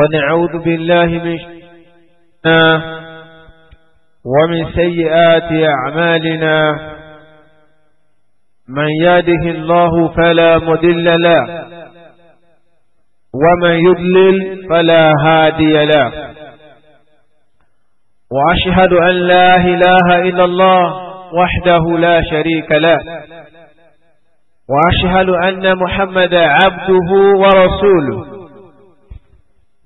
ونعوذ بالله من شرنا ومن سيئات أعمالنا من يهده الله فلا مدل له ومن يضلل فلا هادي له وأشهد أن لا إله إلا الله وحده لا شريك له وأشهد أن محمد عبده ورسوله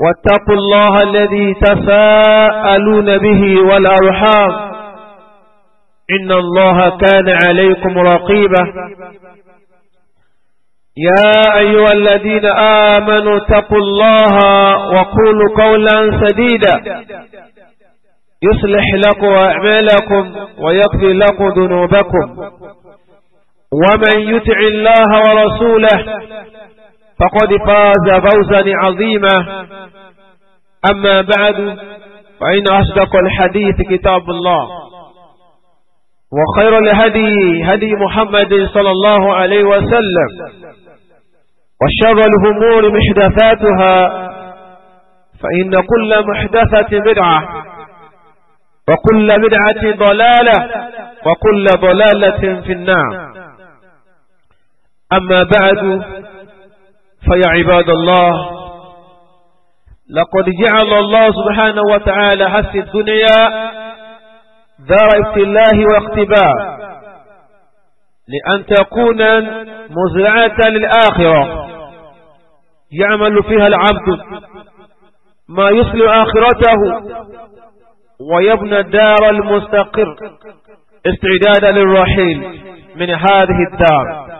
واتقوا الله الذي تفاءلون به والأرحام إن الله كان عليكم رقيبا يا أيها الذين آمنوا اتقوا الله وقولوا قولا سديدا يصلح لكم أعمالكم ويقضي لكم ذنوبكم ومن يتع الله ورسوله فقد فاز فوزا عظيما أما بعد فإن أصدق الحديث كتاب الله وخير الهدي هدي محمد صلى الله عليه وسلم وشر الهمور محدثاتها فإن كل محدثة بدعة وكل بدعة ضلالة وكل ضلالة في النار أما بعد فيا عباد الله لقد جعل الله سبحانه وتعالى حس الدنيا دار ابتلاء واختباء لأن تكون مزرعة للآخرة يعمل فيها العبد ما يصل آخرته ويبنى الدار المستقر استعدادا للرحيل من هذه الدار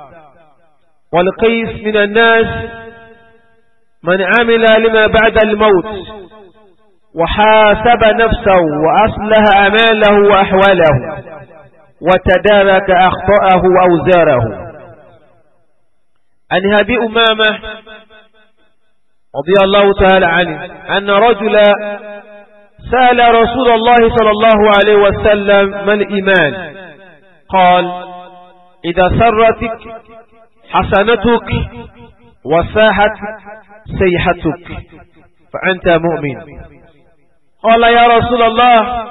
والقيس من الناس من عمل لما بعد الموت وحاسب نفسه وأصلح أماله وأحواله وتدارك أخطأه وأوزاره عن أبي أمامة رضي الله تعالى عنه أن رجلا سأل رسول الله صلى الله عليه وسلم ما الإيمان قال إذا سرتك حسنتك وساحت سيحتك فأنت مؤمن قال يا رسول الله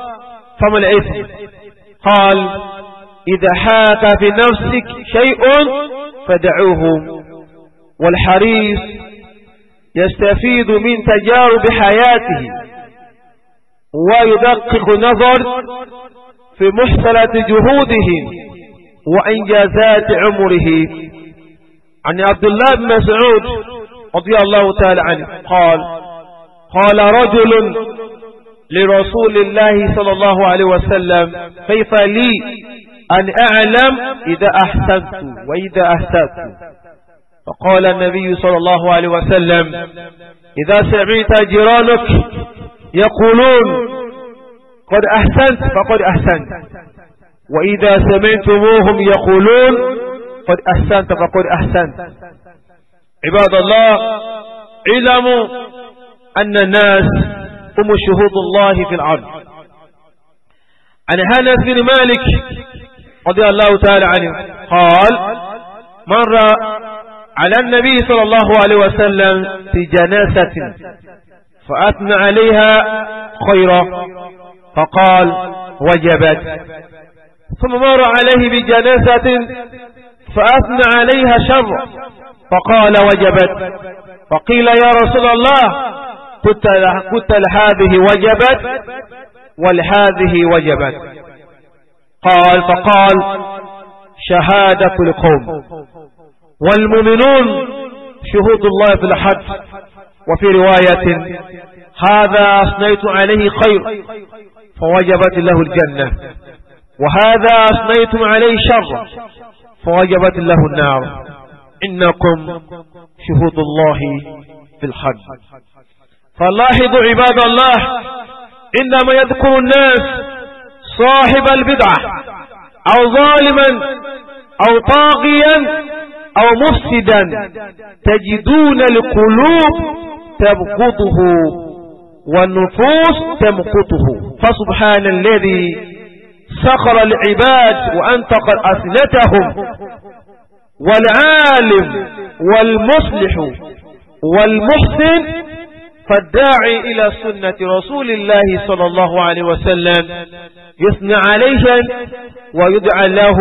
فما الإثم قال إذا حاك في نفسك شيء فدعوه والحريص يستفيد من تجارب حياته ويدقق نظر في محصلة جهوده وإنجازات عمره عن عبد الله بن مسعود رضي الله تعالى عنه قال قال رجل لرسول الله صلى الله عليه وسلم كيف لي أن أعلم إذا أحسنت وإذا أحسنت فقال النبي صلى الله عليه وسلم إذا سمعت جيرانك يقولون قد أحسنت فقد أحسنت وإذا سمعتموهم يقولون قد أحسنت فقد أحسنت عباد الله علموا أن الناس هم شهود الله في العرض عن هانس بن مالك رضي الله تعالى عنه قال مر على النبي صلى الله عليه وسلم في جنازة فأثنى عليها خيرا فقال وجبت ثم مر عليه بجنازة فأثنى عليها شر فقال وجبت فقيل يا رسول الله كنت لهذه وجبت ولهذه وجبت قال فقال شهادة القوم والمؤمنون شهود الله في الحج وفي رواية هذا أصنيت عليه خير فوجبت له الجنة وهذا أصنيت عليه شر فوجبت له النار إنكم شهود الله في الحج فلاحظوا عباد الله إنما يذكر الناس صاحب البدعة أو ظالما أو طاغيا أو مفسدا تجدون القلوب تبقضه والنفوس تمقته فسبحان الذي سخر العباد وأنت قد أثنتهم والعالم والمصلح والمحسن فالداعي إلى سنة رسول الله صلى الله عليه وسلم يثنى عليها ويدعى له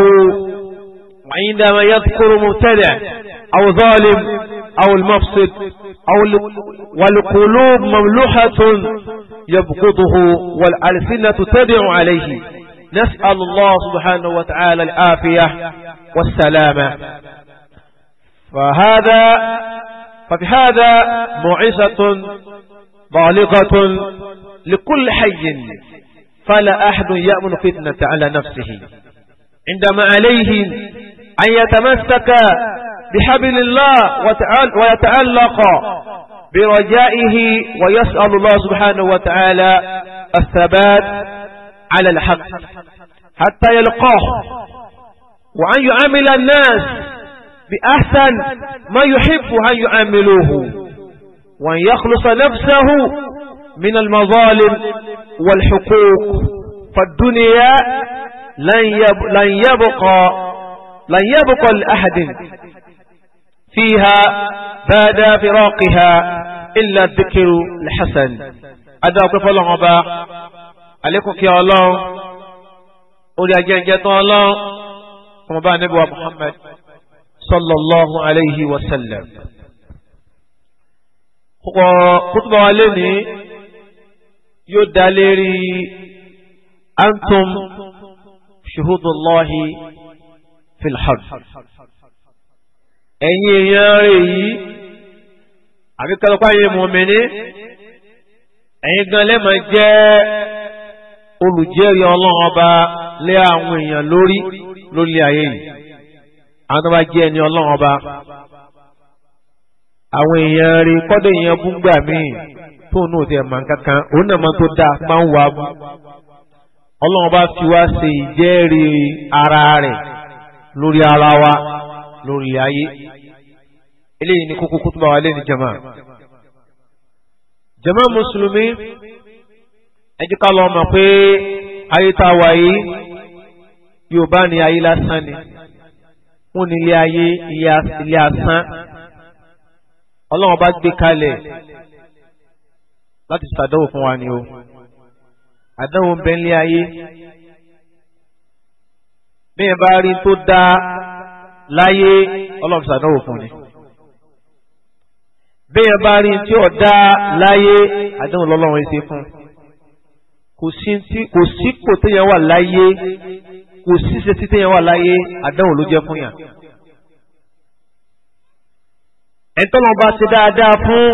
عندما يذكر مبتدع أو ظالم أو المفسد أو والقلوب مملوحة يبقضه والألسنة تدع عليه نسأل الله سبحانه وتعالى العافية والسلامة فهذا ففي هذا معزة بالغة لكل حي فلا أحد يأمن فتنة على نفسه عندما عليه أن يتمسك بحبل الله ويتعلق برجائه ويسأل الله سبحانه وتعالى الثبات على الحق حتى يلقاه وأن يعامل الناس بأحسن ما يحب أن يعاملوه وأن يخلص نفسه من المظالم والحقوق فالدنيا لن لن يبقى لن يبقى لأحد فيها بعد فراقها إلا الذكر الحسن أدعوك فلان àlékún kí ọlọ́run orí ajẹ́njẹ́ tán ọlọ́run ọmọ bá níbi wa Muhammad sallallahu alayhi wa sallam. púpọ̀ kútùbà wa lé ní yóò dá lérí antum shuhudullahi fil hajj ẹ̀yin èèyàn rẹ̀ yìí àbíkẹ́lọ́pàá yìí mọ̀mí ní ẹ̀yin gan lẹ́mọ̀ olùjẹ́rìí ọlọ́run ọba lé àwọn èèyàn lórí lórí ayé yìí àwọn tó bá jẹ́ ẹni ọlọ́run ọba àwọn èèyàn rí kọ́dọ̀ èèyàn bú gbà míì tóun náà tiẹ̀ máa ń kankan òun náà máa tó dáa máa ń wà á bú ọlọ́run ọba fi wá ṣe ìjẹ́rìí ara rẹ̀ lórí ara wa lórí ayé eléyìí ni kókó kútùbà wa lẹ́nu jama jama mùsùlùmí ẹ jẹ́ ká lọ mọ̀ pé ayé tá a wà yìí yorùbá ni ayé lásán ni wọ́n ní ilé ayé ilé asán ọlọ́run bá gbé kalẹ̀ láti ṣàdánwò fún wa ni o àdánwò ń bẹ nílé ayé bẹ́ẹ̀ bá rí tó dá láyé ọlọ́run ṣàdánwò fún ni bẹ́ẹ̀ bá rí tí ò dá láyé àdánwò lọ́lọ́run ṣe fún un kò sí kò téèyàn wà láyé kò sí ṣe tí téèyàn wà láyé àdánwò ló jẹ́ fún yàn. ẹ̀ńtọ́lọ́n bá ṣe dáadáa fún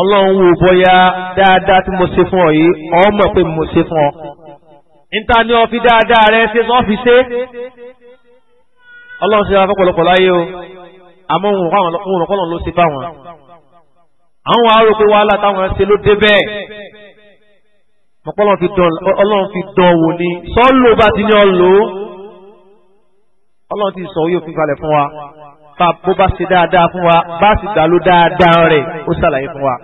ọlọ́run wò bọ́yá dáadáa tí mo ṣe fún ọ yìí ọ mọ̀ pé mo ṣe fún ọ. níta ni ọ fi dáadáa rẹ ṣe sọ́ fi ṣe. ọlọ́run ṣe wá láyé o àmọ́ òun ràn kọ́lọ́n ló ṣe fáwọn. àwọn arò pé wàhálà táwọn ṣe ló dé bẹ́ẹ̀ mọ̀pọ́lọ́n fi dán ọlọ́run fi dán wò ni sọ́ọ́lù bá ti ní ọ lò ó ọlọ́run ti sọ yóò fi falẹ̀ fún wa bá bó bá ṣe dáadáa fún wa bá sì gbà ló dáadáa rẹ̀ ó ṣàlàyé fún wa.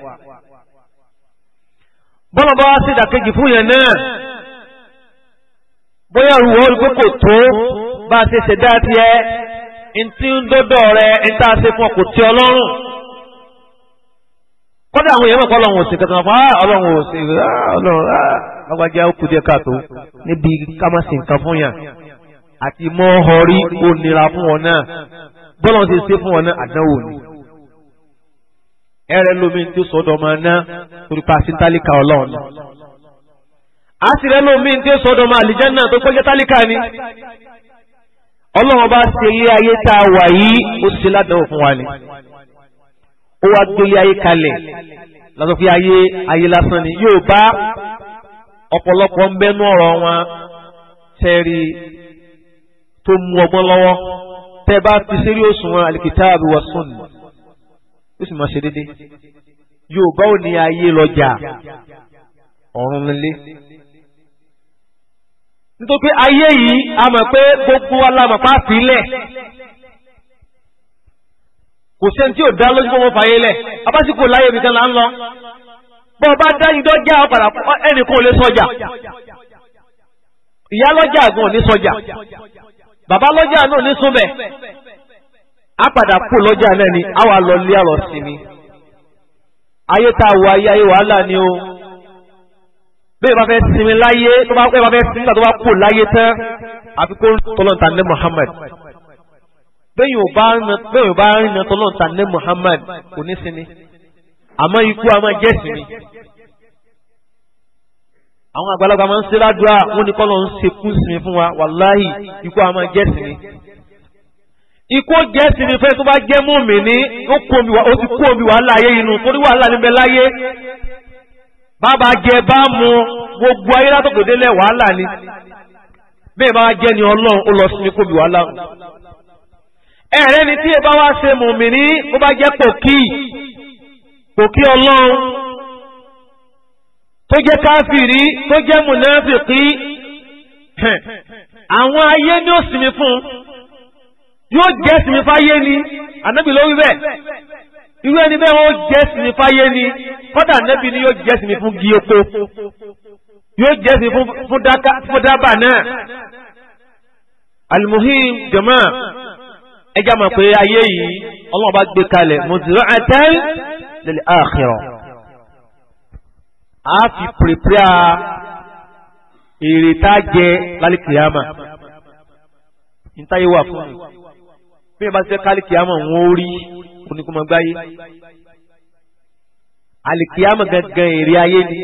bọ́lá bá wá sí ìdàkejì fún yẹn náà bóyá ìrùwọ́ olùgbé kò tó bá ṣe ṣẹ̀dá tiẹ̀ ntí ń dọ́dọ̀ rẹ̀ ń tá a ṣe fún ọ ọlọ́run kọ́dà àwọn èèyàn mọ̀ kọ́ lọ́wọ́ òsè kẹtàn fún ọlọ́wọ́ òsè ọlọ́wọ́ lágbájá ó kù díẹ̀ káàtó níbi kámásì nǹkan fún yàn àti mọ́ ọrí ó nira fún wọn náà bọ́lá ṣe ṣe fún wọn náà àdánwò ni. ẹrẹ lómi tí sọdọ máa ná torí pa sí ni. a sì rẹ lómi tí ó sọdọ máa àlìjẹ́ náà tó kọjá tálíkà ni. ọlọ́run bá ṣe ilé ayé tá a wà yìí ó ṣe ládàá ni ó wá gbélé ayé kalẹ̀ lọ́sọ̀ pé ayé ayé lásán ni yóò bá ọ̀pọ̀lọpọ̀ ń bẹ́nu ọ̀rọ̀ wọn tẹ́rí tó mú ọgbọ́n lọ́wọ́ tẹ́ bá ti sérí òṣùwọ̀n alikitaabi wa sunni ó sì máa ṣe déédéé yóò bá ò ayé lọ́jà ọ̀run nílé nítorí pé ayé yìí a mọ̀ pé gbogbo alámọ̀pá sílẹ̀ kò sẹ́ni tí ò dá lójú fún wọn fàyè lẹ̀ abásìkò láyé ibi kan là ń lọ bọ́ ọ bá dá yín dọ́jà ọ̀padà ẹnìkan ò lè sọjà ìyá lọ́jà àgùn ò ní sọjà bàbá lọ́jà náà ò ní súnbẹ̀ á padà kú lọ́jà náà ni á wà lọ lé àlọ́ sinmi ayé tá a wọ ayé ayé wàhálà ni o bẹ́ẹ̀ bá fẹ́ sinmi láyé tó bá fẹ́ sinmi tó bá kú láyé tán àfikún tọ́lọ́ntàn ní Muhammad bẹ́yìn ò bá rìnà tọ́lọ́n ta ní Muhammad kò ní sinmi àmọ́ ikú àmọ́ jẹ́ sinmi. àwọn àgbàlagbà máa ń ṣe ládùúrà wọn ni kọ́lọ́ ń sekú sinmi fún wa wàláhì ikú àmọ́ jẹ́ sinmi. ikú jẹ́ sinmi fẹ́ tó bá jẹ́ mú mi ní ó ti kú omi wàhálà ayé inú torí wàhálà níbẹ̀ láyé bàbá jẹ bá mu gbogbo ayé látòkòdélẹ̀ wàhálà ni bẹ́ẹ̀ bá jẹ́ ni ọlọ́run ó lọ sinmi kó mi wàhálà ẹ̀rẹ́ ni tí ẹ bá wá ṣe mùmìnì ó bá jẹ́ pòkì pòkì ọlọ́run tó jẹ́ káfìrí tó jẹ́ mùnáfìkì àwọn ayé ni ó sinmi fún yóò jẹ́ sinmi fáyé ni ànábì ló wí bẹ́ẹ̀ irú ẹni bẹ́ẹ̀ wọ́n jẹ́ sinmi fáyé ni kọ́dà ànábì ni yóò jẹ́ sinmi fún gí yóò jẹ́ sinmi fún dábà náà alimuhim jama ẹjá mọ̀ pé ayé yìí ọlọ́run bá gbé kalẹ̀ muzra'atan lil akhirah a fi pèrèpèrè èrè tá a jẹ lálẹ́ kìyàmà níta yìí wà fún mi bí ẹ bá ṣe kálí kìyàmà wọn ó rí oníkùnmọ́gbáyé alikiyama gangan èrè ayé ni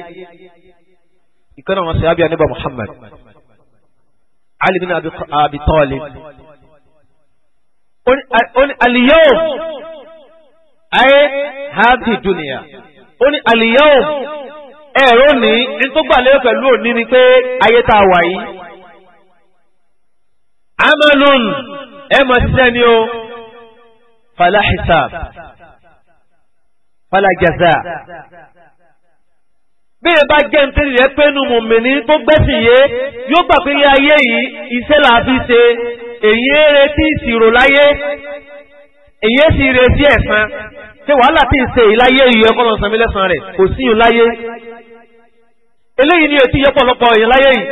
ìkànnì àwọn sèhábíà níbà Muhammad Ali bin Uh, aliyahum ayé hàbí dùnìyà ó ní aliyahum ẹ̀rọ ní ní tó gbà lérò pẹ̀lú òní ni pé ayé tá a wà yìí amalun ẹ mọ̀ sísẹ́ ni o fala hisab fala jaza bẹ́ẹ̀ bá jẹ́ ń tẹ́lẹ̀ pẹ́nu mọ̀mìnì tó gbẹ́sìn yé yóò gbà pé ayé yìí iṣẹ́ làá fi ṣe èyí ń retí ìṣirò láyé èyí sì retí ẹ̀san tí wàhálà tí ń ṣe ìláyé ìyọ ẹ̀kọ́ lọ́sàn mi lẹ́sàn rẹ̀ kò sí ìyún láyé eléyìí ni ètí yọpọlọpọ èèyàn láyé yìí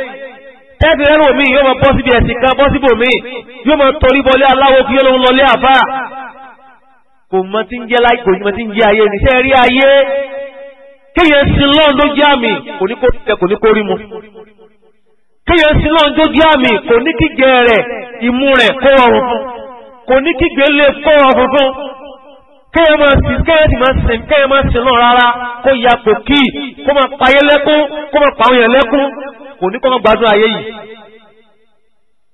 tẹ́ẹ̀bì rẹ́rù mi yóò máa bọ́ síbi ẹ̀sìn kan bọ́ síbò mi yóò máa torí bọlé aláwo kí yóò lọlé àfà kò mọ tí ń jẹ́ láyé kò mọ tí ń jẹ́ ayé níṣẹ́ rí ayé kéèyàn sin lọ́ọ̀ ló jẹ́ àmì kò ní kó rí mu kéèyàn sí náà jójú àmì kò ní kígbe rẹ̀ ìmú rẹ̀ kó rọrùn fún kò ní kígbe lè kó rọrùn fún kéèyàn máa sì kéèyàn sì máa sìn kéèyàn máa sìn náà rárá kó ya kò kí kó máa payé lẹ́kún kó máa pàwọn èèyàn lẹ́kún kò ní kó máa gbádùn ayé yìí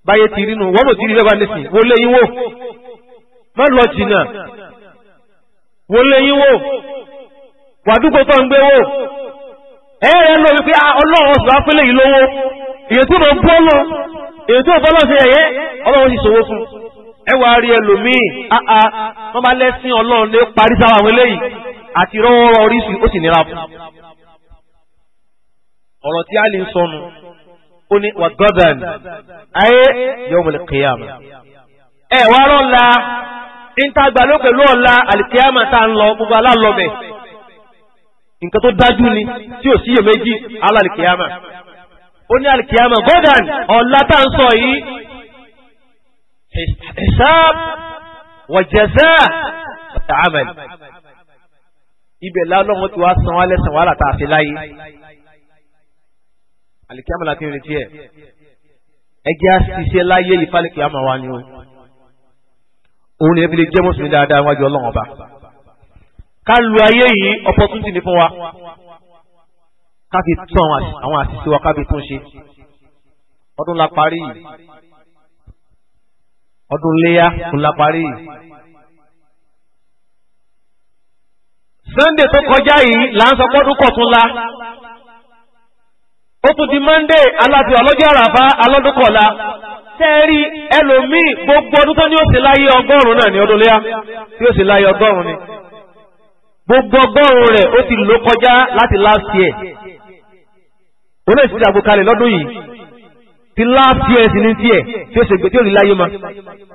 báyé ti rí nu wọ́n mọ̀ tí rí lẹ́bàá nísìn wo lé yín wò má lọ jìnnà wo yín wò wàdúgbò tó ń gbé wò ẹ̀ẹ́rẹ́ lọ wípé ah, ọlọ́run ọ̀sùn á fẹ́lẹ̀ yìí lówó èyí tí mo bú ọlọ ẹ̀yẹ ọlọ́run ti ṣòwò fún ẹ rí ẹlòmíì àà wọ́n bá lẹ́sìn ọlọ́run lé parí àwọn eléyìí àti rọ́wọ́rọ́ oríṣi ó sì nira fún. ọ̀rọ̀ tí a lè sọnù ó ní wà gọ́dàn ayé ẹ pẹ̀lú ọ̀la tá ń lọ gbogbo aláàlọ́bẹ̀ nǹkan tó ni tí ó ní alikiyama gọ́dàn ọ̀la tá à ń sọ yìí hisab wa jaza ta'amal ibẹ̀ lálọ́mọ tí wàá san wálé san wàhálà tá a fi láyé alikiyama láti retí ẹ̀ ẹgbẹ́ àṣìṣe láyé yìí fálíkiyama wa ni o òun ni ẹbí lè jẹ́ mùsùlùmí dáadáa wájú ọlọ́run ọba ká lu ayé yìí opportunity ni fún wa ká fi tún àwọn àṣìṣe wa ká fi tún ṣe ọdún la parí yìí ọdún léyà ọdún la parí yìí. sunday tó kọjá yìí là ń sọ pọ́dún kọ̀túnla ó tún di monday aláfi ọlọ́jọ́ àràfá alọ́dún kọ̀la tẹ́rí ẹlòmíì gbogbo ọdún tó ní ó sì láyé ọgọ́rùn-ún náà ní ọdún léyà tí ó sì láyé ọgọ́rùn-ún ni gbogbo ọgọ́rùn-ún rẹ̀ ó ti lò kọjá láti last year òun náà ti dàgbò kalẹ̀ lọ́dún yìí ti last year sì ní tiẹ̀ tí ó ṣègbè tí ó rí láyé ma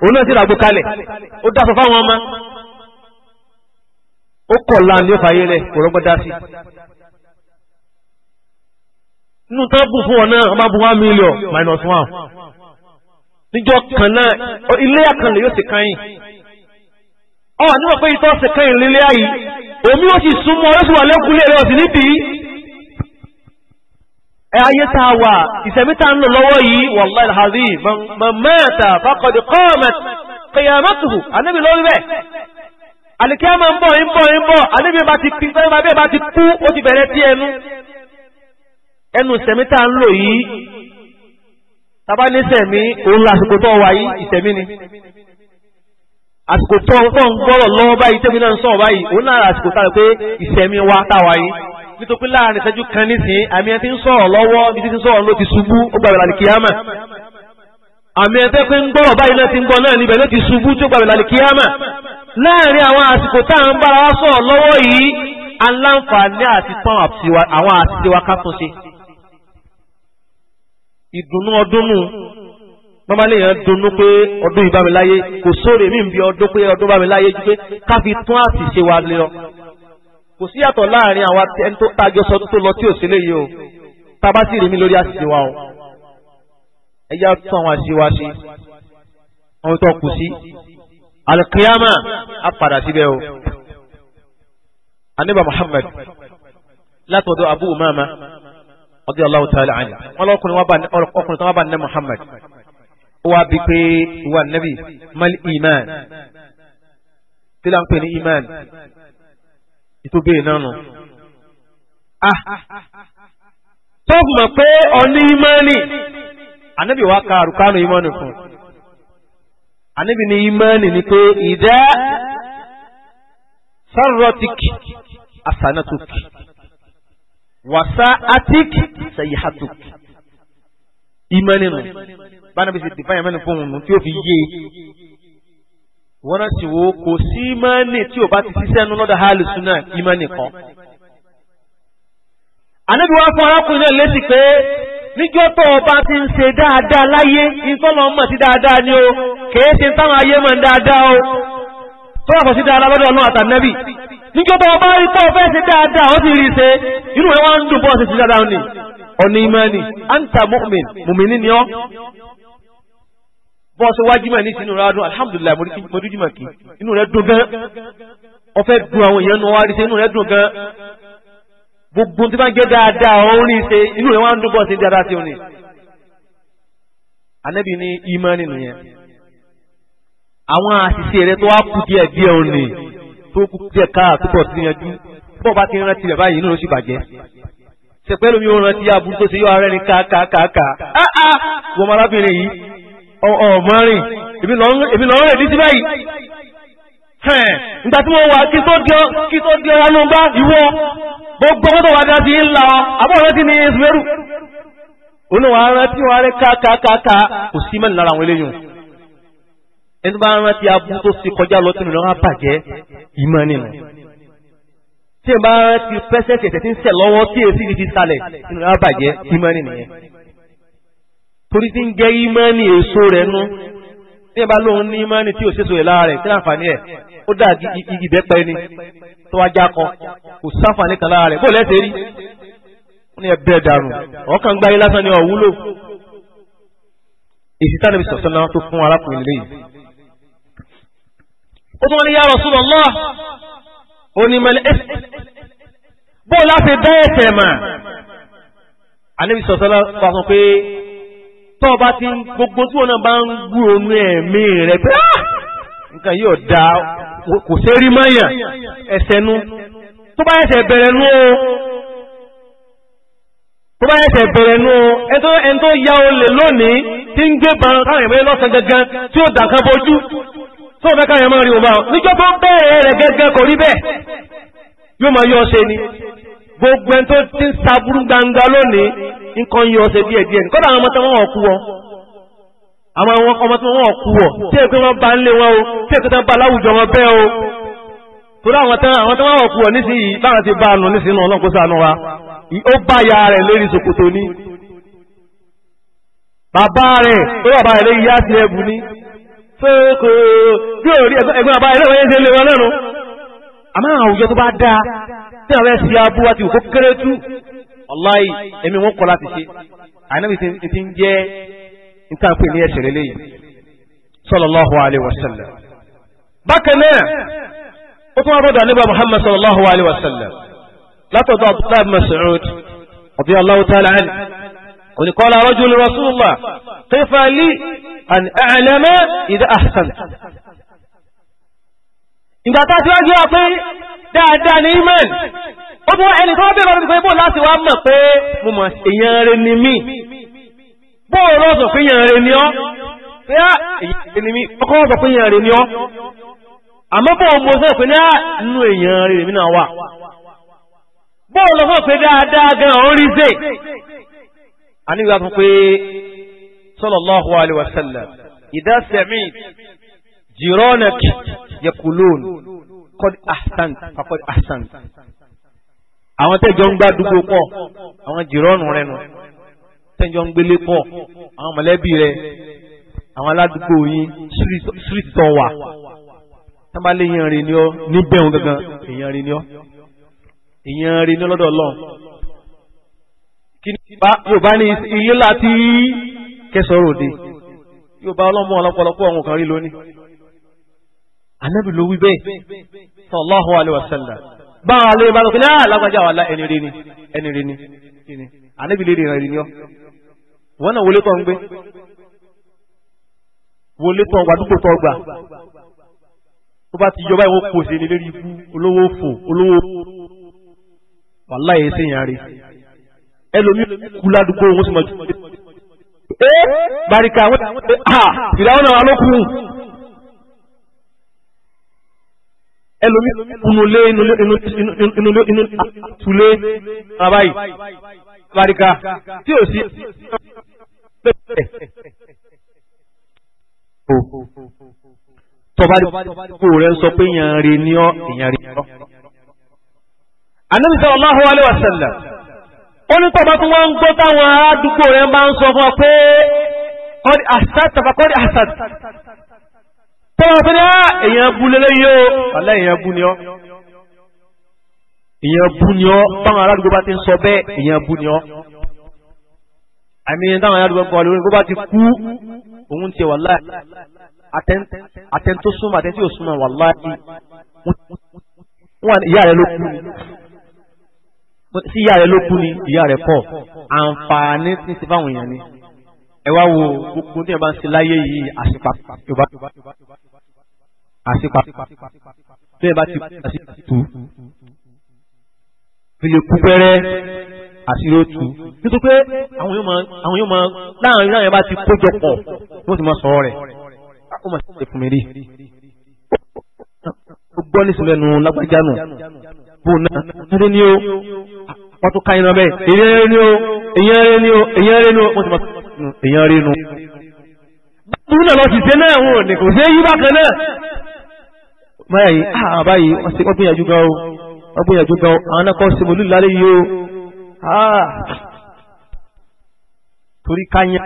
òun náà ti dàgbò kalẹ̀ ó dáṣọ fáwọn ọmọ ó kọ̀ la ní ọ̀fà yẹn rẹ̀ kò rọ́gbọ́n dá sí. nínú tó bù fún ọ náà ọmọ bu one million minus one níjọ́ kan náà ilé àkànlè yóò ti kàn yín ọ̀ níwọ̀n pé ìtọ́ ṣe kàn lílé ayé omi ó sì súnmọ́ ó sì wà lẹ́kùnlé rẹ̀ ọ̀sìn níbí ayé tá a wà ìsẹ̀mí tá ń lò lọ́wọ́ yìí wallahi alazim mọ̀mọ́ta faqad qamat qiyamatuhu ànábì lórí bẹ́ẹ̀ àlìkẹ́ máa ń bọ̀ ń bọ̀ ń bọ̀ ànábì bá ti pín sọ́yìn bá ti kú ó ti bẹ̀rẹ̀ tí ẹnu ẹnu ìsẹ̀mí tá ń lò yìí tàbá ní sẹ̀mí òun lásìkò tó wà yìí ìsẹ̀mí ni àsìkò tó ń gbọ́rọ̀ lọ́wọ́ báyìí nítorí pé láàrin ìṣẹ́jú kan nísìn àmì ẹ ti ń sọ̀rọ̀ lọ́wọ́ ibi tí ń sọ̀rọ̀ ló ti ṣubú ó gbàgbé lálẹ́ kíámà àmì ẹ tẹ́ pé ń gbọ́rọ̀ báyìí náà ti ń gbọ́ náà níbẹ̀ ló ti ṣubú tó gbàgbé lálẹ́ kíámà láàrin àwọn àsìkò tá à ń bára wa sọ̀rọ̀ lọ́wọ́ yìí aláǹfààní àti tán àwọn àṣìṣe wa ká tún ṣe ìdùnnú ọdún nù mọ́mọ́ léèyàn dunnú pé ọdún ìbámiláyé kò sóore mí bí ọdún pé ọdún bámiláyé ju pé ká fi tún àṣìṣe wa lọ kò sí yàtọ̀ láàrin àwọn ẹni tó tájọ sọ tó lọ tí ò sílé yìí o tá a bá sì rí mi lórí àṣìṣe wa o ẹ yá tún àwọn àṣìṣe wa ṣe àwọn tó kù sí alikiyama a padà síbẹ̀ o aniba muhammad látọ̀dọ̀ abu umama ọdí aláwọ̀ tààlà àyà wọn lọkùnrin ọkùnrin tó wà bá ní muhammad ó wá bí pé wà nabi mal iman tí là pè ní iman ètò bẹ́ẹ̀ náà nù. Ah. tó mọ̀ pé ọ̀ní ìmánì ànábì wa ka àrùkánù ìmánì fún ànábì ní ìmánì ni pé ìdá sọ́rọ́tìkì asanatùkì wàsá àtìkì sẹ̀yìhàtùkì ìmánì nù bá nàbì sì dìfáyà mẹ́nu fún òun tí ó fi yé e. wọ́n rántí wo kò sí ìmánì tí ò bá ti ṣiṣẹ́ nínú lọ́dọ̀ hálù súnà ìmánì kan. ànábi wá fún arákùnrin náà lésì pé níjọ́ tó o bá ti ń ṣe dáadáa láyé mọ̀ sí dáadáa ni o kèé ṣe táwọn ayé mọ̀ dáadáa o tó yàtọ̀ sí dáadáa lọ́dọ̀ ọlọ́run níjọ́ tó o bá rí pé o fẹ́ ṣe dáadáa rí ṣe inú bọ́ ṣe wájú mà ní sínú rẹ adùn alhamdulilayi mo rí jùmọ̀ kí inú rẹ dùn gan ọfẹ́ dùn àwọn èèyàn nù wá rí ṣe inú rẹ dùn gan gbogbo tí wọ́n gé dáadáa orin ṣe inú rẹ wá ń dùn bọ́ ṣe dáadáa ṣe orin. anabi ní ìmánì nìyẹn àwọn àṣìṣe rẹ tó wá kù díẹ̀ díẹ̀ òní tó kù díẹ̀ káà tó pọ̀ sí yanjú bọ́ọ̀ bá ti rántí rẹ̀ báyìí inú rẹ sì bàjẹ́ sẹpẹ́ lómi ó rántí aburú tó ṣe yọ ara ẹni káàkáàkáà ah, ah! ọ̀mọ́rin èmi lọ́rọ̀ èdí sí báyìí ìgbà tí mo wà kí tó di ọ̀rá ló ń bá ìwọ gbogbo ọgbọ́dọ̀ wà dájú ń la àbọ̀rẹ́ tí ní ìsúlérù òun wà rántí wà rẹ káàkáàkáà kò sí mẹ́rin lára àwọn eléyìí ẹni bá rántí abú tó sì kọjá lọ tìǹbù lọ́wọ́ bàjẹ́ ìmọ̀ nínú tí ẹ bá rántí pẹ́sẹ̀ tẹ̀tẹ̀ tí ń sẹ̀ lọ́wọ́ tí èsì ti salẹ̀ tìǹbù lọ́wọ́ bàjẹ́ ìmọ̀ nínú yẹn torí tí ń jẹ́ ímánì èso rẹ̀ nú ní ìbá lóun ní ímánì tí ò ṣèso ẹ̀ lára rẹ̀ kí láǹfààní ẹ̀ ó dà igi ìbẹ́pẹ ni tó wájà kan kò sáǹfààní kan lára rẹ̀ bó lẹ́sẹ̀ rí wọ́n ní ẹbẹ̀ dànù ọ̀kan gbáyé lásán ni ọ̀wúlò èsì tánàbí sọ̀tọ́ náà tó fún arákùnrin lè yìí. ó tún wọn ní ya Rasulullah onímọ̀lẹ́ ẹ̀sìn eh, bó láti dá ẹ̀sẹ̀ mà àníbi sọ̀tọ́ náà sọ tọ́ bá ti ń gbogbo tí wọn náà bá ń gbú onú ẹ̀mí rẹ̀ pé ah! nǹkan yóò da kò sérí mọ́yàn ẹ̀sẹ̀ nu tó bá ẹ̀sẹ̀ bẹ̀rẹ̀ nu o tó bá ẹ̀sẹ̀ bẹ̀rẹ̀ nu o ẹni tó ya olè lónìí tí ń gbé ban káwọn ẹ̀mí lọ́sàn-án gangan tí ó dà kan bójú tó fẹ́ káwọn ẹ̀mí rí o máa níjọ́ tó bẹ̀rẹ̀ rẹ̀ gẹ́gẹ́ kò rí bẹ́ẹ̀ yóò máa yọ ọ ṣe ni. gbogbo ẹni tó ti ń saburú gbangba lónìí nǹkan yọ ọsẹ díẹ̀ díẹ̀ ní kódà àwọn ọmọ ọkụ wọn awọn kú wọ ọmọ tí wọn ọ kú wọ tí èkó wọn bá ń lé wọn o tí èkó tó ń bá láwùjọ wọn bẹ́ẹ̀ o torí àwọn tí wọn kú wọ nísìnyí báwọn ti bá a nù nísìnyí náà ọlọ́nkó sànù wa ó bá ya lórí bàbá ó bàbá lórí yá sí fẹ́ẹ́ kò bí àmọ́ àwọn àwùjọ tó bá dáa tí àwọn ẹ̀sìn abú wa ti wò kó kéré tú ọláì ẹ̀mí wọn kọ́ láti ṣe ànábì ti ń jẹ́ nǹkan pè ní ẹ̀sẹ̀ lélẹ́yìn sallallahu alayhi wa sallam. bákan náà ó tún wá bọ́dọ̀ àníbà Muhammad sallallahu alayhi wa sallam látọ̀dọ̀ Abdullahi Mas'ud radiyallahu ta'ala anhu òní qala rajul rasulullah kayfa li an a'lama idha ahsanta. ìgbà tá a ti wá gbé daa pé dáadáa ní imel ó tún ẹni tó bẹ̀rẹ̀ ọdún pé bó láti wá mọ̀ pé mo mọ̀ èèyàn rẹ ni mí bó o sọ pé èèyàn rẹ ni ọ́ pé á rẹ ni mí sọ rẹ ni ọ́ àmọ́ bó o mo sọ pé ní á mi náà wà bó lọ pé dáadáa gan àníwá yakulun kod ahsan fakod ahsan àwọn tẹjọ ń gbádùgbò pọ̀ àwọn jìrọ̀nù rẹ nù tẹjọ ń gbélé pọ̀ àwọn mọ̀lẹ́bí rẹ àwọn aládùúgbò yín street tó wà tábàlẹ èèyàn rè ni ọ níbẹ̀ òun gangan èèyàn rè ni ọ èèyàn rè ni ọ lọ́dọ̀ Ọlọ́run kí ni Yorùbá ní ilé láti kẹsàn-án òde Yorùbá ọlọ́mọ ọlọ́pọ̀lọpọ̀ ọ̀hún kan rí lónìí anabi ló wí bẹ́ẹ̀ sallallahu alayhi wa sallam báwa lè bá lọ́kùnrin náà lágbájá wà lá ẹni rí ni ẹni rí ni anabi lè rìn rìn ni ọ wọn náà wọlé tó ń gbé wọlé tó ń gbà dúpọ̀ tó gbà ó bá ti yọba ìwọ pòṣè ní lérí ikú olówó fò olówó wàláyé sèyàn rí ẹlòmí kú ládùúgbò wọn sì mọ jù. Eh? barika wọn ti ṣe ah ìdáwọn náà wà ẹlòmí inúlé inúlé tulé abayi barika tí o sí tọba kò rẹ sọ pé yàn rí ní ọ èyàn rí ọ. Ànábì sallallahu alaihi wasallam ó ní tọba tí wọ́n ń gbọ́ táwọn àdúgbò rẹ̀ máa ń sọ fún ọ pé kọ́ni àṣà tàbá kọ́ni àṣà tọ́wọ́ fẹ́ dá èèyàn bú lélẹ́yìn o àlẹ́ èèyàn bú ni ọ́ èèyàn bú ni ọ́ báwọn aládùúgbò bá ti ń sọ bẹ́ẹ̀ èèyàn bú ni ọ́ àmì táwọn aládùúgbò kan lórí bó bá ti kú òun ti wà láì àtẹn tó súnmọ́ àtẹn ò súnmọ́ wà láì ìyá rẹ ló kú ni sí ìyá rẹ ló kú ni ìyá rẹ kọ àǹfààní ti ti báwọn èèyàn ni ẹ wá wo gbogbo tí ẹ bá ń ṣe láyé yìí àṣepà yorùbá àṣepa bẹ́ẹ̀ bá ti àṣepa tu fi lè kú pẹ́rẹ́ àṣírí tu nítorí pé àwọn yóò máa àwọn yóò máa láàrin láàrin bá ti kójọ pọ̀ ni wọ́n ti máa sọ̀rọ̀ rẹ̀ ó máa ṣe fún mi rí ó gbọ́ nísìnyí lẹ́nu lágbájá nù bó náà ẹni ní o wọ́n tún ká iná bẹ́ẹ̀ èyàn rẹ ní o èyàn rẹ ní o èyàn rẹ ní o wọ́n ti máa èyàn rẹ nù. búrú náà lọ sì ṣe náà wọn ní kò ṣe é bákan náà báyà yìí ah, ah báyìí wọ́n ti wọ́n gbìyànjú gan o wọ́n gbìyànjú gan o àwọn náà sí mòlúù lálẹ́ yìí o ah torí káyán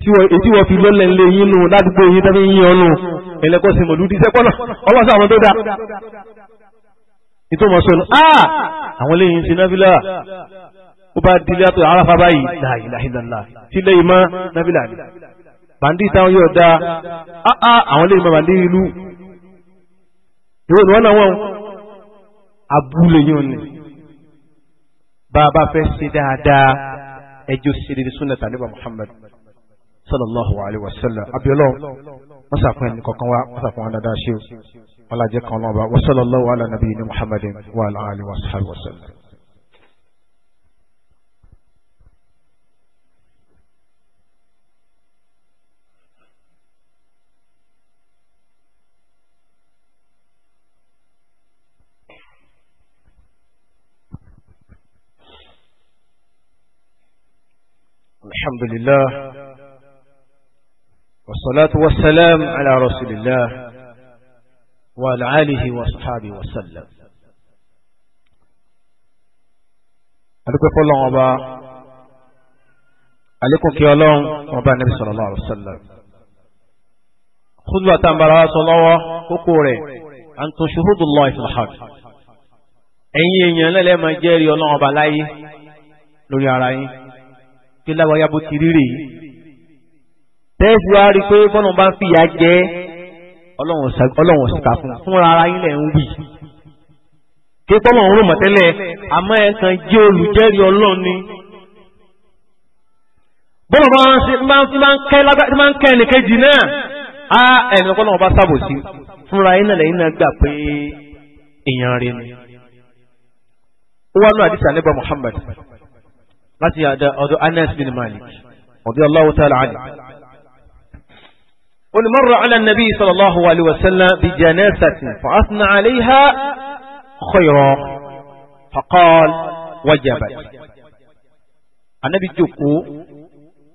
tí wọ́n fi lọ́lẹ̀ ń lé yín nù ládùúgbò yín tẹ́fẹ́ yín ọ̀nù ẹ̀lẹ́kọ́ sí mòlúù díṣẹ́ pọ́nà ọlọ́sàn àwọn tó dá nítorí wọn ah àwọn lẹ́yìn ṣe náfìlà ó bá dilé àtọ̀ àràfà báyìí láìláìláìlá sílẹ̀ yìí mọ́ náfìlà ni táwọn yóò dá ah ah àwọn lẹ́yìn mọ́ bàǹdí ìlú ìwọ ni wọn náà wọn abúlé yóò ní bá a bá fẹ́ ṣe dáadáa ẹjọ́ ṣe lè sunna tàbí bá Muhammad sallallahu alayhi wa sallam abiola wọn sàkún ẹni kankan wa wọn sàkún wọn dáadáa ṣe o wọn lajẹ kan lọ́wọ́ wa sallallahu ala nabiyina Muhammadin wa ala wa sallam. الحمد لله والصلاة والسلام على رسول الله وعلى آله وصحابه وسلم ألقى قول عبا عليكم كيالون الله وبا النبي صلى الله عليه وسلم خذوا تنبرا صلى الله وقوري أنتم شهود الله في الحق أي ينال لما جاري الله وبا لاي لوري pé lágbáyà bó ti rírè yìí tẹ́sí wa rí i pé bọ́lá bá ń fìyà jẹ ọlọ́run ṣìkà fún fúnra ara yín lẹ̀ ń wì ké pọ́lọ̀ ń rò mọ̀ tẹ́lẹ̀ àmọ́ ẹ̀sán jẹ́ olùjẹ́rìí ọlọ́run ni bọ́lá máa ń kẹ́ ẹnìkejì náà á ẹ̀mí pọ́lọ̀ bá sábòsí fúnra yín lẹ̀ yín gbà pé èèyàn rẹ̀ ni ó wá ní àdìsí àníbà Muhammad láti ọ̀dọ̀ Anas bin Malik ọ̀dọ̀ Allahu ta'ala ali. قل مر على النبي صلى الله عليه وسلم بجنازة فأثنى عليها خيرا فقال وجبت النبي جوكو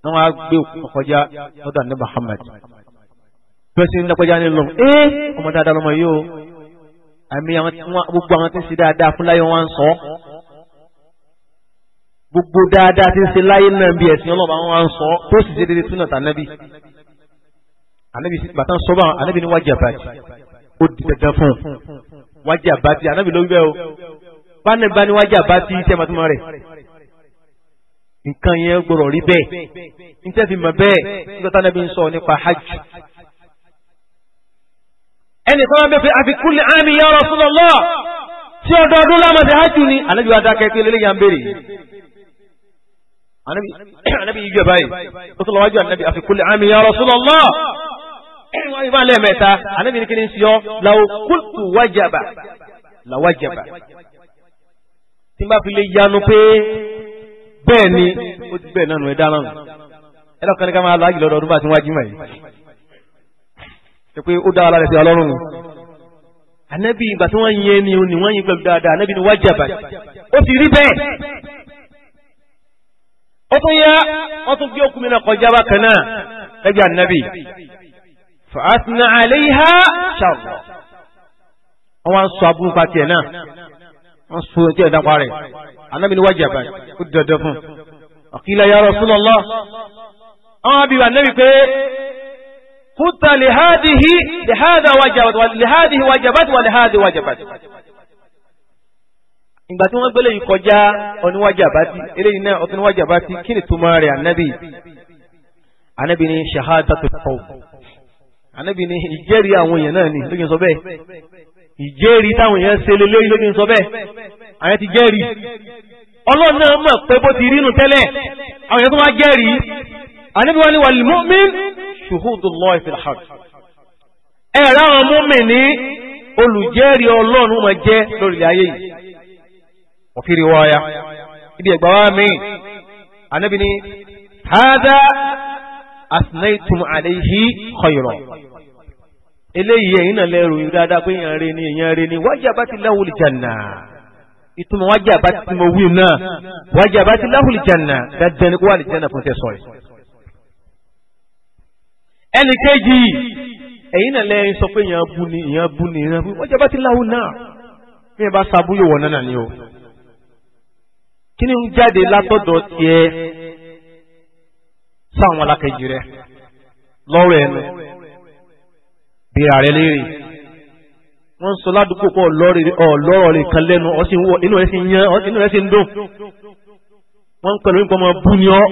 نوا بيوكو خجا هذا النبي محمد pẹ̀sìn ní ọgbẹ́jà ní lọ́wọ́ ẹ́ ọmọ dáadáa lọ́mọ yóò àmì àwọn gbogbo àwọn tí ń ṣe dáadáa fúnláyọ̀ wọn ń sọ gbogbo dáadáa ti ń ṣe láyé náà bí ẹ̀sìn ọlọ́ba wọn wá ń sọ tó sì ṣe dédé túnà tànàbí ànábì bàtà ń ànábì ní wájà bàjẹ́ ó di dandan fún un wájà bàtì ànábì ló ń bẹ́ o báni bá ní wájà bàtì iṣẹ́ màtúmọ̀ rẹ̀ nǹkan yẹn gbọ́dọ̀ rí bẹ́ẹ̀ níta fi mọ̀ bẹ́ẹ̀ nígbà tànàbí ń sọ nípa hajj ẹnì kan wá bẹ́ẹ̀ pé àfi kulli àmì ya Rasulullah tí ọdọọdún lámọ̀ sí hajj ni ànábì wa dákẹ́ pé lélẹ́yìn à anabi yíjọ báyìí ó tún lọ wájú anabi àfi kulli ami ya Rasulullah wọ́n ìbá lẹ́ẹ̀mẹ́ta anabi ní kí ni ń sọ law qultu wájàbà làwájàbà tí n bá fi lè yanu pé bẹ́ẹ̀ ni ó ti bẹ́ẹ̀ nánu ẹ dáná nù ẹ lọ́kàn ní ká máa lọ àjùlọ ọdún bá ti wájú mọ̀ yìí ṣe pé ó dá ara rẹ̀ sí ọlọ́run anabi ìgbà tí wọ́n yin ẹni ni wọ́n yin pẹ̀lú dáadáa anabi ni wájàbà ó ti rí bẹ́ẹ̀ tún yá wọ́n tún gbé òkú mi náà kọjá bákan náà lẹ́gbẹ̀ẹ́ ànábì fàásìnà àléhà ṣàwọ̀ wọ́n wá ń sọ abúrú pa tiẹ̀ náà wọ́n sọ ohun tí ẹ̀dá pa rẹ̀ ànábì ni wájàbá ó dandan fún ọ̀kìlá ya Rasulullah àwọn àbí wà nábì pé kúta lèhádìí wájàbá wà lèhádìí wájàbá ìgbà tí wọ́n gbélé yìí kọjá ọ̀níwájú àbátí eléyìí náà ọ̀túnwájú àbátí kí ni tó máa rẹ̀ ànábì ànábì ní ṣahadatu qaw ànábì ní ìjẹ́rìí àwọn èèyàn náà ni lójú sọ bẹ́ẹ̀ ìjẹ́rìí táwọn èèyàn ṣe lé lórí lójú sọ bẹ́ẹ̀ àwọn ti jẹ́rìí ọlọ́run náà mọ̀ pé bó ti rínú tẹ́lẹ̀ àwọn èèyàn tó wá jẹ́rìí ànábì wọn ni wal mu'min shuhudullahi fil وفي رواية إذا قوامي أنا بني هذا أثنيتم عليه خيرا eléyìí ẹ̀yin náà lẹ́rù yìí dáadáa pé èèyàn rẹ ni èèyàn rẹ ni wajabati lahul janna ìtumọ̀ wajabati tí mo wí náà wajabati lahul janna dandan ni kó wà lè janna fún tẹ̀sọ̀ rẹ̀. ẹnì kejì ẹ̀yin náà lẹ́yìn sọ pé èèyàn bú ni èèyàn bú ni èèyàn bú wajabati lahu náà bí náà kí ni ń jáde látọ̀dọ̀ tiẹ̀ sáwọn alákejì rẹ lọ́rọ̀ ẹnu bí ààrẹ léèrè wọ́n ń sọ ládùúgbò pọ̀ ọ̀lọ́rọ̀ rẹ̀ kan lẹ́nu inú rẹ̀ sì ń yan inú rẹ̀ sì ń dùn wọ́n ń pẹ̀lú nǹkan ọmọ bú ni ọ́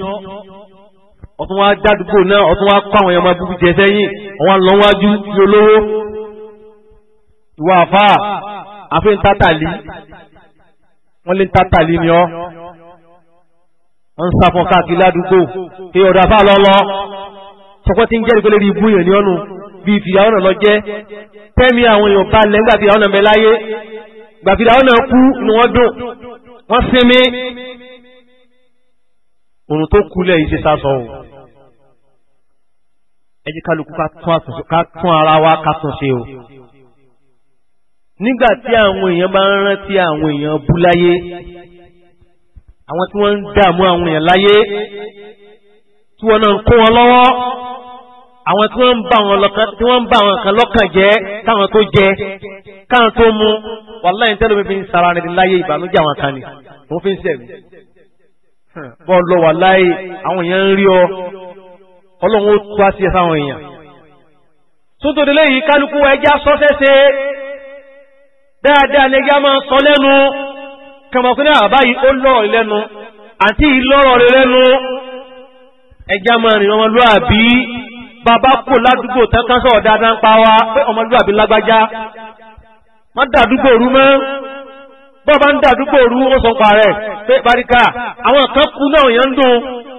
ọ̀tún wá jádùúgbò náà ọ̀tún wá kọ́ àwọn ẹ̀yàn máa jẹ sẹ́yìn ọ̀wọ́n lọ wájú bí olówó ìwà àfáà àfihàn wọ́n lé tátàlí ni ọ́ wọ́n ń sá fún káàkiri ládùúgbò pé ọ̀dọ̀ àbá lọ lọ sọpọ́ tí ń jẹ́rìí pẹ́lẹ́ rí ibú yẹn ní ọ́nu bíi fìyàwó náà lọ jẹ́ tẹ́mi àwọn èèyàn bá lẹ́ nígbà fìyàwó náà bẹ láyé gbà fìyàwó náà kú ni wọ́n dùn wọ́n sinmi òrùn tó kulẹ̀ yìí ṣe sá o ẹ jẹ́ kálukú ká tún ara wa ká tún ṣe o nígbà tí àwọn èèyàn bá ń rántí àwọn èèyàn bú láyé àwọn tí wọ́n ń dààmú àwọn èèyàn láyé tí wọ́n náà ń kó wọn lọ́wọ́ àwọn tí wọ́n ń bá wọn lọ́kàn tí wọ́n ń bá wọn kan lọ́kàn jẹ́ káwọn tó jẹ káwọn tó mu wàhálà yìí tẹ́lẹ̀ mi fi ń sara rẹ̀ láyé ìbànújẹ́ àwọn kan ni wọ́n fi ń sẹ̀mí. bọ́ọ̀ lọ wà láyé àwọn èèyàn ń rí ọ ọlọ́run ó tó àṣìyẹ fáwọn èèyàn. tó tòdélé yìí kálukú ẹja sọ́sẹ́sẹ́ dáadáa lè yá máa sọ lẹ́nu kàmọ̀kúnlé àbá yìí ó lọ́rọ̀ lẹ́nu àti ìlọ́rọ̀ rẹ̀ lẹ́nu ẹjá máa rìn ọmọlúàbí bàbá kò ládùúgbò tẹ́tán sọ̀rọ̀ dáadáa ń pa wá pé ọmọlúàbí lágbájá má dàdúgbò rú mọ́ bọ́ bá ń dàdúgbò rú ó sọ pa rẹ̀ pé baríkà àwọn kan kú náà yẹn ń dùn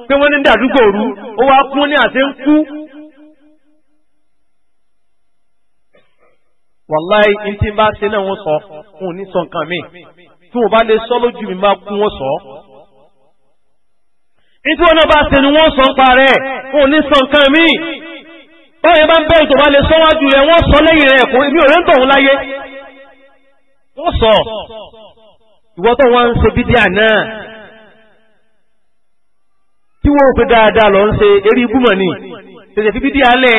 pé wọ́n ní dàdúgbò rú ó wá kú ní àti ń kú wàláì ntí bá ṣe náà wọ́n sọ wọn ò ní sọ nǹkan mi tí wọ́n bá lè sọ lójú mi máa kú wọ́n sọ. ntí wọn náà bá ṣe ni wọ́n sọ ń parẹ́ wọn ò ní sọ nǹkan mi báwo yẹn bá ń bẹ̀rù tó bá lè sọ wájú rẹ̀ wọ́n sọ lẹ́yìn rẹ̀ kò èmi ò rẹ́ ń tọ̀hún láyé wọ́n sọ ìwọ tó wọ́n ń ṣe bídíà náà tí wọ́n ò fi dáadáa lọ ń ṣe eré ibùmọ̀ ni tètè fi bídíà lẹ̀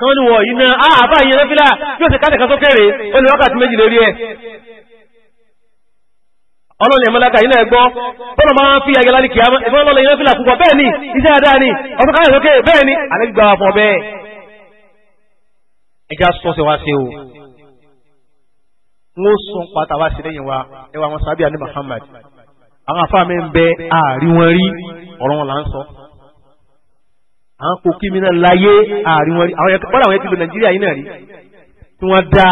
kan ní wọ̀ iná àbá ìyẹn lọ́fílà bí ó sì káàkiri tó kéré ó lè wákàtí méjì lórí ẹ̀ ọlọ́lẹ̀ ẹ̀mọ́láka iná ẹ̀gbọ́ tọ́nà máa ń fi ayẹyẹ lálẹ́ kìá ẹ̀fọ́n lọ́lẹ̀ iná fílà púpọ̀ bẹ́ẹ̀ ni iṣẹ́ àdáa ni ọdún káàkiri lókè bẹ́ẹ̀ ni àlẹ́gbà wà fún bẹ́ẹ̀ ẹjá sọ́sẹ̀ wá sí o wọ́n sọ pátá wá sí lẹ́yìn wa ẹwà wọn sábíà ní Muhammad àwọn afáàmì ń bẹ àárín wọn rí ọ̀rọ̀ wọn là ń sọ àwọn kò kí mi náà láyé àárín wọn rí àwọn yẹn bọ́dà àwọn yẹn ti lọ nàìjíríà yìí náà rí tí wọ́n da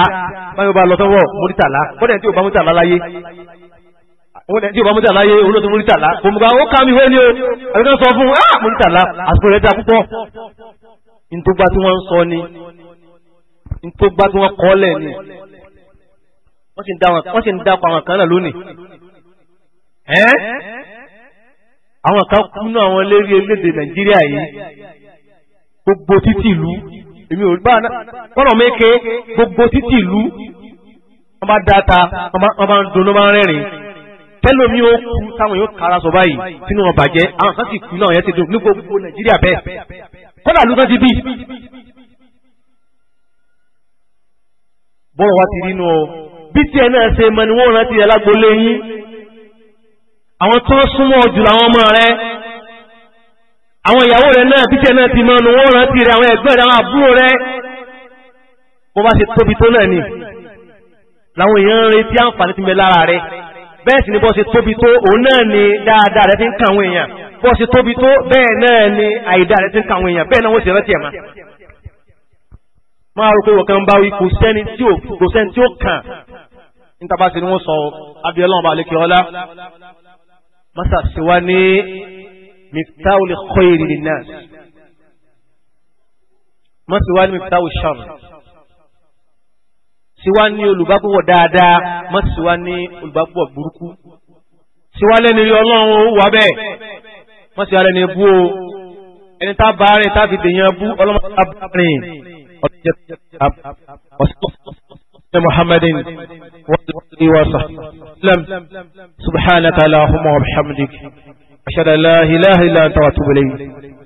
báyọ̀ bá lọ sọ́wọ́ mọ́rítàlá bọ́dà ẹni tí ò bá mọ́rítàlá láyé wọ́n dẹ̀ tí o bá mọ́tà láyé olóòtú mọ́tàlá kò mú ká ó ká mi wé ní o àbíkán sọ fún ah mọ́tàlá àsìkò rẹ̀ dá púpọ̀ ntògbà tí wọ́n ń sọ ni ntògbà tí wọ́n kọ́lẹ̀ ni wọ́n sì ń dá àwọn kan náà lónìí àwọn kan kúnú àwọn lérí elédè nàìjíríà yìí gbogbo títì ìlú èmi ò bá kọ́nà méke gbogbo títì ìlú wọ́n bá dáta wọ́n bá ń dun wọ́n bá ń rẹ́rìn tẹ́lómi ó kú táwọn yóò kára sọ báyìí sínú wọn bàjẹ́ àwọn kan sì kú náà yẹn ti dùn ní gbogbo nàìjíríà bẹ́ẹ̀ kọ́nà ló tán ti bí. bọ́ọ̀ wá ti rí nu ọ bí tiẹ̀ náà ṣe mọ ni wọ́n rántí ẹ lágbo àwọn tó súnmọ́ jù làwọn ọmọ rẹ àwọn ìyàwó rẹ náà bíkẹ́ náà ti mọ́nu wọ́n rántí rẹ àwọn ẹ̀gbọ́n rẹ àwọn àbúrò rẹ bó bá ṣe tóbi tó náà ni làwọn èèyàn ń retí àǹfààní ti mẹ lára rẹ bẹ́ẹ̀ sì ni bó ṣe tóbi tó òun náà ni dáadáa rẹ fi ń kàwọn èèyàn bó ṣe tóbi tó bẹ́ẹ̀ náà ni àìdá rẹ fi ń kàwọn èèyàn bẹ́ẹ̀ náà wọ́n ṣe rántí ẹ̀ máa máa rò pé wọ́n kan bá wí kò sẹ́ni tí ò kàn níta bá ti ní wọ́n sọ abiola ọba àlekè ọlá masa ṣe wá ní miftaul khoyri linnas masa wá ní miftaul sharr ṣe wá ní olùbápọ̀wọ̀ dáadáa masa ṣe wá ní olùbápọ̀wọ̀ burúkú ṣe wá lẹ́ni rí ọlọ́run ó wà bẹ́ẹ̀ masa ṣe wá lẹ́ni bú ẹni tá a bá rìn tá a fi dènyàn bú ọlọ́mọ tá a bá rìn ọ̀sẹ̀ محمد وصحبه وسلم سبحانك اللهم وبحمدك أشهد أن لا إله إلا أنت وأتوب إليك